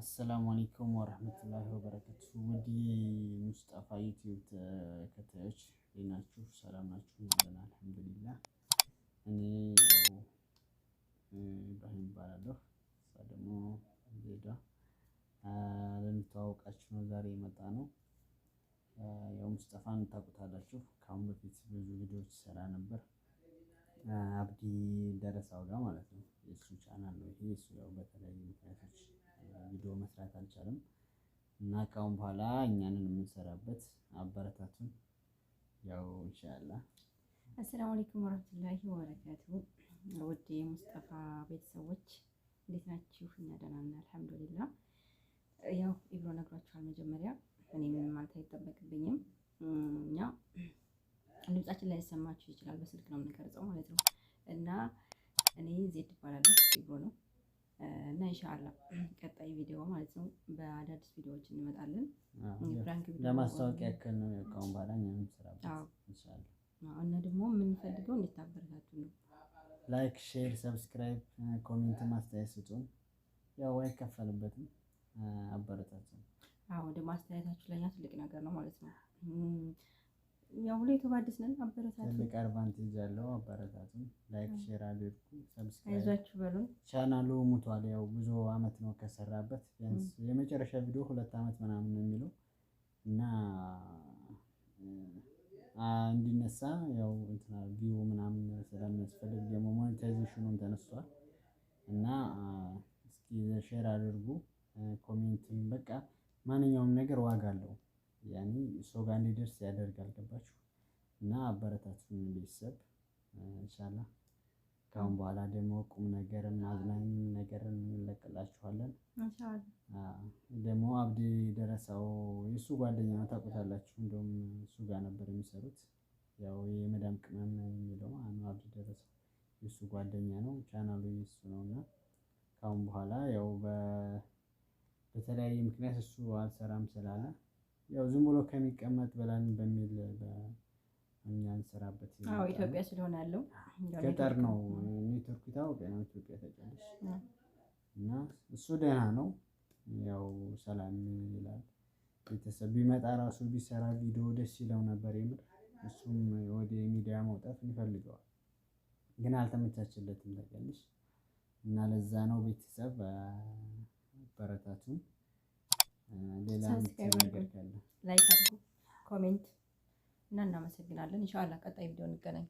አሰላሙ አለይኩም ወረህመቱላሂ ወበረካቱ። ውድ ሙስጠፋ ዩቲዩብ ተከታዮች ናችሁ? ሰላም ናችሁ? ይዘና አልሐምዱሊላህ። እኔ ኢብራሂም እባላለሁ። እሷ ደግሞ ዜዳ ልንተዋወቃችሁ ነው ዛሬ የመጣ ነው። ያው ሙስጣፋን ታውቁታላችሁ። ከአሁን በፊት ብዙ ቪዲዮዎች ይሰራ ነበር አብዲ ደረሳው ጋር ማለት ነው። የእሱ ቻናል ነው ይሄ። እሱ ያው በተለያዩ ምክንያቶች ቪዲዮ መስራት አልቻልም እና ካሁን በኋላ እኛንን የምንሰራበት አበረታቱን። ያው እንሻላ። አሰላሙ አለይኩም ወራህመቱላሂ ወበረካቱ። ውድ የሙስጠፋ ቤተሰቦች እንዴት ናችሁ? እኛ ደህና ነን አልሐምዱሊላህ። ያው ኢብሮ ነግሯችኋል መጀመሪያ። እኔ ምንም ማለት አይጠበቅብኝም። እኛ ድምጻችን ላይ ሊሰማችሁ ይችላል። በስልክ ነው የምንቀርጸው ማለት ነው እና እኔ ዜድ ይባላለሁ፣ ኢብሮ ነው እና ኢንሻአላ ቀጣይ ቪዲዮ ማለት ነው በአዳዲስ ቪዲዮዎች እንመጣለን። ለማስታወቂያ ያክል ነው የወጣውን በኋላ ምንም ስራ እና ደግሞ የምንፈልገው እንድታበረታቱ ነው። ላይክ፣ ሼር፣ ሰብስክራይብ፣ ኮሜንት ማስተያየት ስጡን። ያው አይከፈልበትም፣ አበረታቱ። አዎ ደግሞ አስተያየታችሁ ለኛ ትልቅ ነገር ነው ማለት ነው። ያው ሁሌ የተባደስ ነን። አበረታቱ ትልቅ አድቫንቴጅ ያለው አበረታቱ። ላይክ ሼር አድርጉ፣ ሰብስክራይብ አይዟችሁ በሉን። ቻናሉ ሙቷል። ያው ብዙ አመት ነው ከሰራበት ቢያንስ የመጨረሻ ቪዲዮ ሁለት አመት ምናምን ነው የሚለው እና እንዲነሳ ያው እንትና ቪው ምናምን ስለሚያስፈልግ ደግሞ ሞኔታይዜሽኑን ተነስቷል እና እስኪ ሼር አድርጉ፣ ኮሜንትም በቃ ማንኛውም ነገር ዋጋ አለው። ያኔ ሰው ጋር እንዲደርስ ያደርጋል። ገባችሁ እና አበረታቱኝ ቤተሰብ እንሻላ ከአሁን በኋላ ደግሞ ቁም ነገርም አዝናኝ ነገርም እንለቅላችኋለን። ደግሞ አብዲ ደረሰው የእሱ ጓደኛ ታውቁታላችሁ። እንደውም እሱ ጋር ነበር የሚሰሩት ያው የመዳም ቅመም የሚለው አኑ አብዲ ደረሰው የእሱ ጓደኛ ነው። ቻናሉ የእሱ ነው እና ከአሁን በኋላ ያው በተለያየ ምክንያት እሱ አልሰራም ስላለ ያው ዝም ብሎ ከሚቀመጥ በላን በሚል እኛ እንሰራበት። አዎ ኢትዮጵያ ስለሆነ ያለው ገጠር ነው ኔትወርክ ታወቀና ኢትዮጵያ ተጫለች እና እሱ ደህና ነው። ያው ሰላም ይላል ቤተሰብ ቢመጣ ራሱ ቢሰራ ቪዲዮ ደስ ይለው ነበር የምር። እሱም ወደ ሚዲያ መውጣት ይፈልገዋል ግን አልተመቻችለትም። ታውቂያለሽ እና ለዛ ነው ቤተሰብ አበረታቱን። ላይክ አድርጉ፣ ኮሜንት እና እናመሰግናለን። ኢንሻአላህ ቀጣይ ቪዲዮ እንገናኝ።